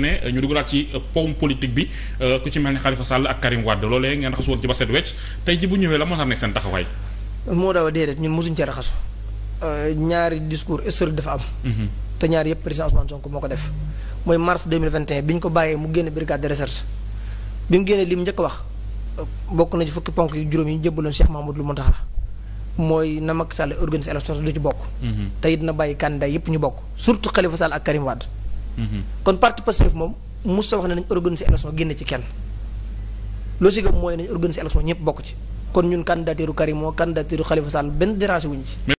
ne euh, ñu dugalaat ci pomme euh, politique bi euh, ku ci mel ne Khalifa Sall ak Karim Wade loolee ngeen raxasu woon ci ba set wecc tey bu ñëwee la moo tax nekk seen taxawaay. moo daaw déedéet ñun mosuñ ci raxasu ñaari discours historique dafa am. Mhm. te ñaari yëpp président Ousmane moo ko def mooy mars bi ñu ko bàyyee mu génne brigade de recherche bi mu génnee li mu njëkk wax bokk na ci fukki ponk yu juróom yi ñu jébbaloon Cheikh Mahmoud lu Muntaxa mooy na Macky Sall organiser élection du ci bokk. Mhm. te it na bàyyi candidat yëpp ñu kon parti Pastef moom mos sa wax ne nañ organiser élection ci kenn logique am mooy nañ organiser élection ñëpp bokk ci kon ñun candidature Karim moo candidature Khalifa Sall benn dérangé wuñ ci